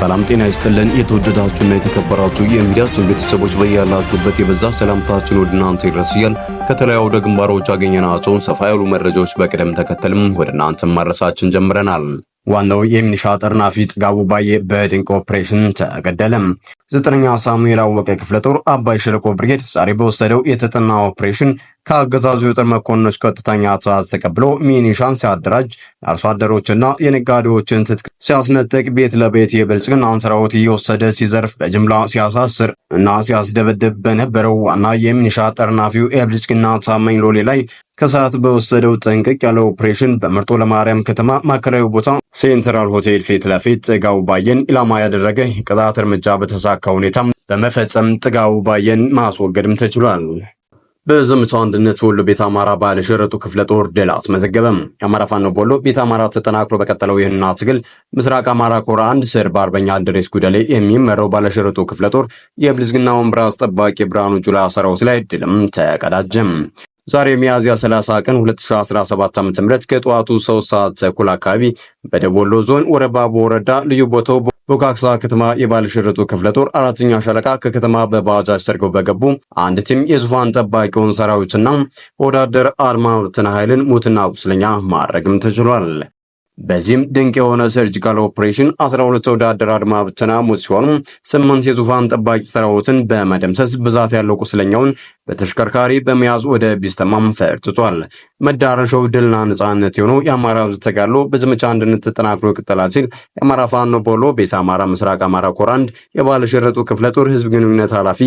ሰላም ጤና ይስጥልን። የተወደዳችሁና የተከበራችሁ የሚዲያችን ቤተሰቦች በያላችሁበት የበዛ ሰላምታችን ወደ እናንተ ይድረስ እያል ከተለያዩ ወደ ግንባሮች ያገኘናቸውን ሰፋ ያሉ መረጃዎች በቅደም ተከተልም ወደ እናንተ ማድረሳችን ጀምረናል። ዋናው የሚኒሻ ጠርናፊ ጥጋቡ ባዬ በድንቅ ኦፕሬሽን ተገደለም። ዘጠነኛ ሳሙኤል አወቀ ክፍለ ጦር አባይ ሸለቆ ብርጌድ ዛሬ በወሰደው የተጠና ኦፕሬሽን ከአገዛዙ የጦር መኮንኖች ቀጥተኛ ትዕዛዝ ተቀብሎ ሚኒሻን ሲያደራጅ የአርሶ አደሮችና የነጋዴዎችን ትጥቅ ሲያስነጥቅ፣ ቤት ለቤት የብልጽግናን ሰራዊት እየወሰደ ሲዘርፍ፣ በጅምላ ሲያሳስር እና ሲያስደበድብ በነበረው ዋና የሚኒሻ ጠርናፊው የብልጽግና ታማኝ ሎሌ ላይ ከሰዓት በወሰደው ጠንቀቅ ያለ ኦፕሬሽን በመርጦ ለማርያም ከተማ ማዕከላዊ ቦታ ሴንትራል ሆቴል ፊት ለፊት ጥጋው ባየን ኢላማ ያደረገ የቅጣት እርምጃ በተሳካ ሁኔታ በመፈጸም ጥጋው ባየን ማስወገድም ተችሏል። በዘመቻው አንድነት ወሎ ቤት አማራ ባለ ሽረጡ ክፍለ ጦር ድል አስመዘገበም። የአማራ ፋኖ ወሎ ቤት አማራ ተጠናክሮ በቀጠለው ይህን ትግል ምስራቅ አማራ ኮር አንድ ስር በአርበኛ አንድሬስ ጉደሌ የሚመራው ባለ ሽረጡ ክፍለ ጦር የብልጽግና ወንበር አስጠባቂ ብርሃኑ ጁላ ሰራዊት ላይ ድልም ተቀዳጀም። ዛሬ ሚያዝያ 30 ቀን 2017 ዓ.ም ከጠዋቱ 3 ሰዓት ተኩል አካባቢ በደቡብ ወሎ ዞን ወረባቦ ወረዳ ልዩ ቦታው ቦካክሳ ከተማ የባለሽርጡ ክፍለ ጦር አራተኛ ሻለቃ ከከተማ በባጃጅ ሰርገው በገቡ አንድ ቲም የዙፋን ጠባቂውን ሰራዊትና ወዳደር አድማብትን ኃይልን ሙትና ቁስለኛ ማድረግም ተችሏል። በዚህም ድንቅ የሆነ ሰርጂካል ኦፕሬሽን 12 ተወዳደር አድማ ብተና ሙት ሲሆኑ ስምንት የዙፋን ጠባቂ ሰራዊትን በመደምሰስ ብዛት ያለው ቁስለኛውን በተሽከርካሪ በመያዝ ወደ ቢስተማም ፈርጥቷል። መዳረሻው ድልና ነጻነት የሆነው የአማራ ህዝብ ተጋድሎ በዘመቻ አንድነት ተጠናክሮ ይቀጥላል ሲል የአማራ ፋኖ ቦሎ ቤተ አማራ ምስራቅ አማራ ኮራንድ የባለሸረጡ ክፍለጦር ክፍለ ጦር ህዝብ ግንኙነት ኃላፊ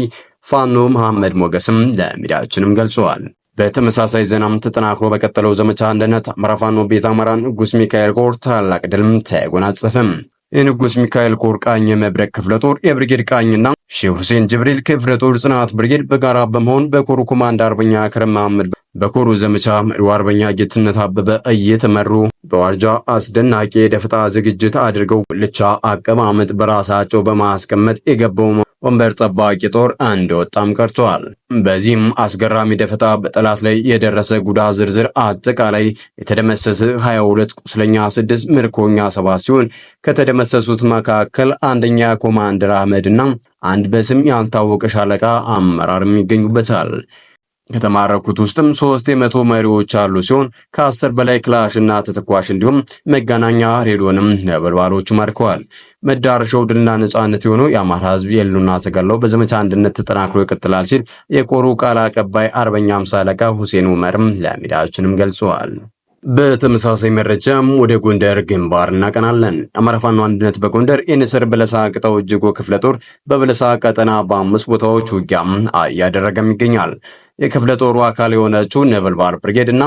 ፋኖ መሐመድ ሞገስም ለሚዲያችንም ገልጸዋል። በተመሳሳይ ዜናም ተጠናክሮ በቀጠለው ዘመቻ አንድነት አማራ ፋኖ ቤት ንጉስ ሚካኤል ኮር ታላቅ ድልም ተጎናጸፈም። የንጉስ ሚካኤል ኮር ቃኝ የመብረቅ ክፍለ ጦር የብርጌድ ቃኝና ሼህ ሁሴን ጅብሪል ክፍለ ጦር ጽናት ብርጌድ በጋራ በመሆን በኮሩ ኮማንድ አርበኛ ከረም መሐመድ በኮሩ ዘመቻ መሪው አርበኛ ጌትነት አበበ እየተመሩ በዋርጃ አስደናቂ የደፈጣ ዝግጅት አድርገው ጉልቻ አቀማመጥ በራሳቸው በማስቀመጥ የገባው ወንበር ጠባቂ ጦር አንድ ወጣም ቀርቷል። በዚህም አስገራሚ ደፈጣ በጠላት ላይ የደረሰ ጉዳ ዝርዝር አጠቃላይ የተደመሰሰ 22 ቁስለኛ 6 ምርኮኛ 7 ሲሆን ከተደመሰሱት መካከል አንደኛ ኮማንደር አህመድ እና አንድ በስም ያልታወቀ ሻለቃ አመራርም ይገኙበታል። ከተማረኩት ውስጥም ሶስት የመቶ መሪዎች አሉ ሲሆን ከአስር በላይ ክላሽና ተተኳሽ እንዲሁም መገናኛ ሬዲዮንም ነበልባሎቹ ማርከዋል። መዳረሻው ድልና ነጻነት የሆነው የአማራ ህዝብ የህልውና ተጋድሎ በዘመቻ አንድነት ተጠናክሮ ይቀጥላል ሲል የቆሩ ቃል አቀባይ አርበኛ ሃምሳ አለቃ ሁሴን ኡመርም ለሚዲያችንም ገልጸዋል። በተመሳሳይ መረጃም ወደ ጎንደር ግንባር እናቀናለን። አማራ ፋኖ አንድነት በጎንደር የንስር በለሳ ቅጠው እጅጎ ክፍለ ጦር በበለሳ ቀጠና በአምስት ቦታዎች ውጊያም እያደረገም ይገኛል። የክፍለ ጦሩ አካል የሆነችው ነበልባል ብርጌድ እና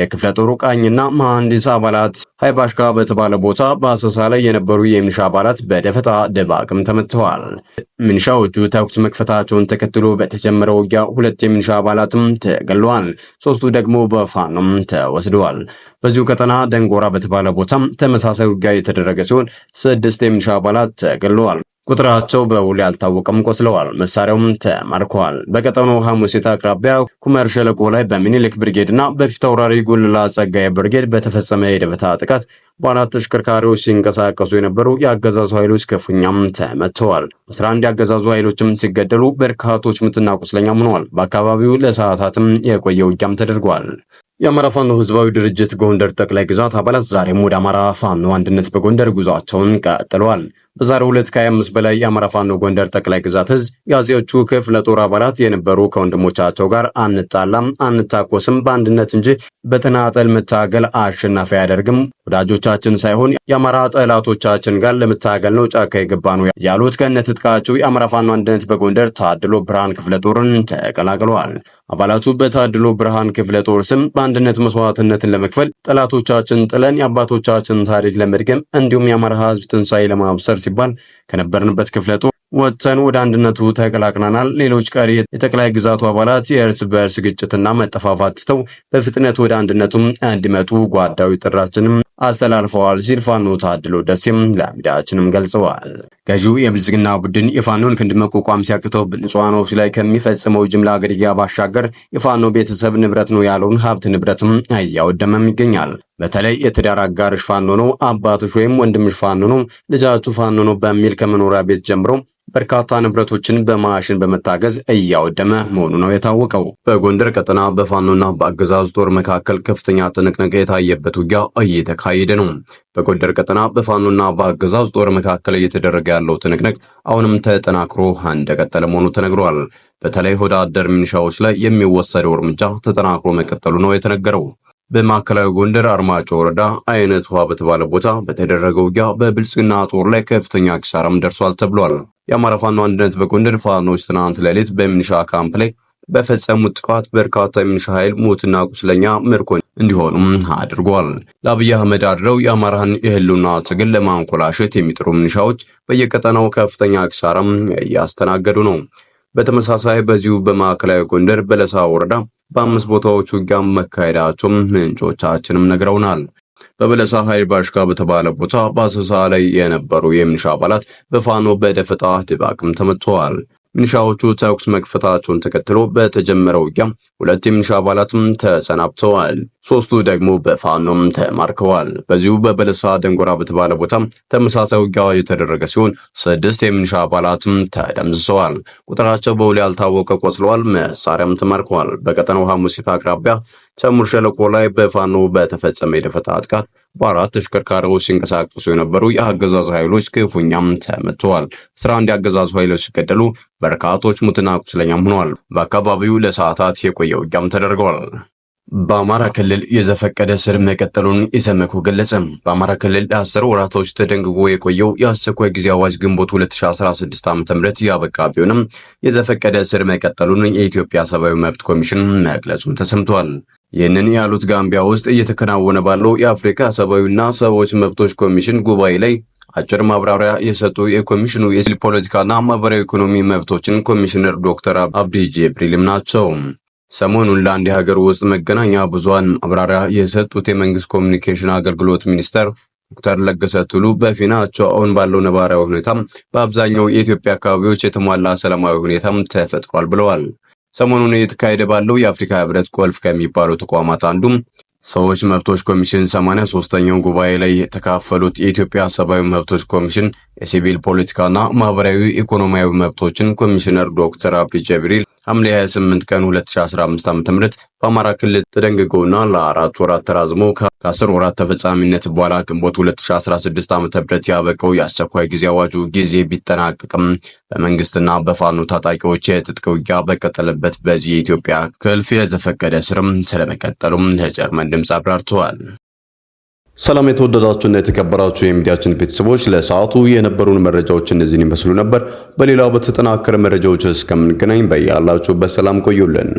የክፍለ ጦሩ ቃኝና መሐንዲስ አባላት ሀይባሽካ በተባለ ቦታ በአሰሳ ላይ የነበሩ የሚኒሻ አባላት በደፈጣ ደባቅም ተመትተዋል። ሚኒሻዎቹ ተኩስ መክፈታቸውን ተከትሎ በተጀመረው ውጊያ ሁለት የሚኒሻ አባላትም ተገለዋል። ሶስቱ ደግሞ በፋኖም ተወስደዋል። በዚሁ ቀጠና ደንጎራ በተባለ ቦታም ተመሳሳይ ውጊያ የተደረገ ሲሆን ስድስት የሚኒሻ አባላት ተገለዋል። ቁጥራቸው በውል ያልታወቀም ቆስለዋል፣ መሳሪያውም ተማርከዋል። በቀጠኖ ሐሙሲት አቅራቢያ ኩመር ሸለቆ ላይ በሚኒሊክ ብርጌድና በፊት አውራሪ ጎልላ ጸጋይ ብርጌድ በተፈጸመ የደበታ ጥቃት በአራት ተሽከርካሪዎች ሲንቀሳቀሱ የነበሩ የአገዛዙ ኃይሎች ክፉኛም ተመተዋል አስራ አንድ የአገዛዙ ኃይሎችም ሲገደሉ በርካቶች ምትና ቁስለኛም ሆነዋል። በአካባቢው ለሰዓታትም የቆየ ውጊያም ተደርጓል። የአማራ ፋኖ ህዝባዊ ድርጅት ጎንደር ጠቅላይ ግዛት አባላት ዛሬም ወደ አማራ ፋኖ አንድነት በጎንደር ጉዟቸውን ቀጥለዋል። በዛሬው ሁለት ከ25 በላይ የአማራ ፋኖ ጎንደር ጠቅላይ ግዛት እዝ የአጼዎቹ ክፍለ ጦር አባላት የነበሩ ከወንድሞቻቸው ጋር አንጣላም፣ አንታኮስም፣ በአንድነት እንጂ በተናጠል መታገል አሸናፊ አያደርግም፣ ወዳጆቻችን ሳይሆን የአማራ ጠላቶቻችን ጋር ለመታገል ነው ጫካ የገባ ነው ያሉት ከነትጥቃቸው የአማራ ፋኖ አንድነት በጎንደር ታድሎ ብርሃን ክፍለ ጦርን ተቀላቅለዋል። አባላቱ በታድሎ ብርሃን ክፍለ ጦር ስም በአንድነት መስዋዕትነትን ለመክፈል ጠላቶቻችን ጥለን የአባቶቻችን ታሪክ ለመድገም እንዲሁም የአማራ ህዝብ ትንሣኤ ለማብሰር ሲባል ከነበርንበት ክፍለ ጦር ወጥተን ወደ አንድነቱ ተቀላቅለናል። ሌሎች ቀሪ የጠቅላይ ግዛቱ አባላት የእርስ በእርስ ግጭትና መጠፋፋት ትተው በፍጥነት ወደ አንድነቱም እንዲመጡ ጓዳዊ ጥራችንም አስተላልፈዋል ሲል ፋኖ ታድሎ ደሴም ለሚዲያችንም ገልጸዋል። ገዢው የብልጽግና ቡድን የፋኖን ክንድ መቋቋም ሲያቅተው በንጹሃኖች ላይ ከሚፈጽመው ጅምላ ግድያ ባሻገር የፋኖ ቤተሰብ ንብረት ነው ያለውን ሀብት ንብረትም እያወደመም ይገኛል። በተለይ የትዳር አጋርሽ ፋኖ ነው፣ አባትሽ ወይም ወንድምሽ ፋኖ ነው፣ ልጃችሁ ፋኖ ነው በሚል ከመኖሪያ ቤት ጀምሮ በርካታ ንብረቶችን በማሽን በመታገዝ እያወደመ መሆኑ ነው የታወቀው። በጎንደር ቀጠና በፋኖና በአገዛዙ ጦር መካከል ከፍተኛ ትንቅንቅ የታየበት ውጊያ እየተካሄደ ነው። በጎንደር ቀጠና በፋኖና በአገዛዙ ጦር መካከል እየተደረገ ያለው ትንቅንቅ አሁንም ተጠናክሮ እንደቀጠለ መሆኑ ተነግሯል። በተለይ አደር ሚኒሻዎች ላይ የሚወሰደው እርምጃ ተጠናክሮ መቀጠሉ ነው የተነገረው። በማዕከላዊ ጎንደር አርማጮ ወረዳ አይነት ውሃ በተባለ ቦታ በተደረገው ውጊያ በብልጽግና ጦር ላይ ከፍተኛ ኪሳራም ደርሷል ተብሏል። የአማራ ፋኖ አንድነት በጎንደር ፋኖች ትናንት ሌሊት በሚኒሻ ካምፕ ላይ በፈጸሙት ጥቃት በርካታ የሚኒሻ ኃይል ሞትና ቁስለኛ ምርኮ እንዲሆኑም አድርጓል። ለአብይ አህመድ አድረው የአማራን የህልውና ትግል ለማንኮላሸት የሚጥሩ ሚኒሻዎች በየቀጠናው ከፍተኛ ኪሳራም እያስተናገዱ ነው። በተመሳሳይ በዚሁ በማዕከላዊ ጎንደር በለሳ ወረዳ በአምስት ቦታዎች ውጊያ መካሄዳቸውም ምንጮቻችንም ነግረውናል። በበለሳ ኃይል ባሽካ በተባለ ቦታ በአሰሳ ላይ የነበሩ የሚኒሻ አባላት በፋኖ በደፈጣ ድባቅም ተመትተዋል። ሚኒሻዎቹ ተኩስ መክፈታቸውን ተከትሎ በተጀመረው ውጊያ ሁለት የሚኒሻ አባላትም ተሰናብተዋል። ሶስቱ ደግሞ በፋኖም ተማርከዋል። በዚሁ በበለሳ ደንጎራ በተባለ ቦታ ተመሳሳይ ውጊያ የተደረገ ሲሆን ስድስት የሚኒሻ አባላትም ተደምስሰዋል። ቁጥራቸው በውል ያልታወቀ ቆስለዋል፣ መሳሪያም ተማርከዋል። በቀጠናው ሐሙሲት አቅራቢያ ሰሙር ሸለቆ ላይ በፋኖ በተፈጸመ የደፈጣ ጥቃት በአራት ተሽከርካሪዎች ሲንቀሳቀሱ የነበሩ የአገዛዙ ኃይሎች ክፉኛም ተመተዋል። አስራ አንድ የአገዛዙ ኃይሎች ሲገደሉ በርካቶች ሙትና ቁስለኛም ሆነዋል። በአካባቢው ለሰዓታት የቆየ ውጊያም ተደርገዋል። በአማራ ክልል የዘፈቀደ ስር መቀጠሉን ኢሰመኮ ገለጸ። በአማራ ክልል ለአስር ወራቶች ተደንግጎ የቆየው የአስቸኳይ ጊዜ አዋጅ ግንቦት 2016 ዓ.ም ያበቃ ቢሆንም የዘፈቀደ ስር መቀጠሉን የኢትዮጵያ ሰብአዊ መብት ኮሚሽን መግለጹን ተሰምቷል። ይህንን ያሉት ጋምቢያ ውስጥ እየተከናወነ ባለው የአፍሪካ ሰብአዊና ሰዎች መብቶች ኮሚሽን ጉባኤ ላይ አጭር ማብራሪያ የሰጡ የኮሚሽኑ የሲቪል ፖለቲካና ማህበራዊ ኢኮኖሚ መብቶችን ኮሚሽነር ዶክተር አብዲ ጄብሪልም ናቸው። ሰሞኑን ለአንድ የሀገር ውስጥ መገናኛ ብዙሃን ማብራሪያ የሰጡት የመንግስት ኮሚኒኬሽን አገልግሎት ሚኒስተር ዶክተር ለገሰ ቱሉ በፊናቸው አሁን ባለው ነባራዊ ሁኔታም በአብዛኛው የኢትዮጵያ አካባቢዎች የተሟላ ሰላማዊ ሁኔታም ተፈጥሯል ብለዋል። ሰሞኑን እየተካሄደ ባለው የአፍሪካ ህብረት ቁልፍ ከሚባሉ ተቋማት አንዱም ሰዎች መብቶች ኮሚሽን ሰማንያ ሶስተኛውን ጉባኤ ላይ የተካፈሉት የኢትዮጵያ ሰብአዊ መብቶች ኮሚሽን የሲቪል ፖለቲካና ማህበራዊ ኢኮኖሚያዊ መብቶችን ኮሚሽነር ዶክተር አብዲ ጀብሪል ሐምሌ 28 ቀን 2015 ዓ.ም በአማራ ክልል ተደንግጎና ለአራት ወራት ተራዝሞ ከአስር ወራት ተፈጻሚነት በኋላ ግንቦት 2016 ዓ.ም ያበቀው የአስቸኳይ ጊዜ አዋጁ ጊዜ ቢጠናቀቅም በመንግስትና በፋኖ ታጣቂዎች የትጥቅ ውጊያ በቀጠለበት በዚህ የኢትዮጵያ ክልፍ የዘፈቀደ ስርም ስለመቀጠሉም ለጀርመን ድምፅ አብራርተዋል። ሰላም የተወደዳችሁና የተከበራችሁ የሚዲያችን ቤተሰቦች፣ ለሰዓቱ የነበሩን መረጃዎች እነዚህን ይመስሉ ነበር። በሌላው በተጠናከረ መረጃዎች እስከምንገናኝ በያላችሁበት ሰላም ቆዩልን።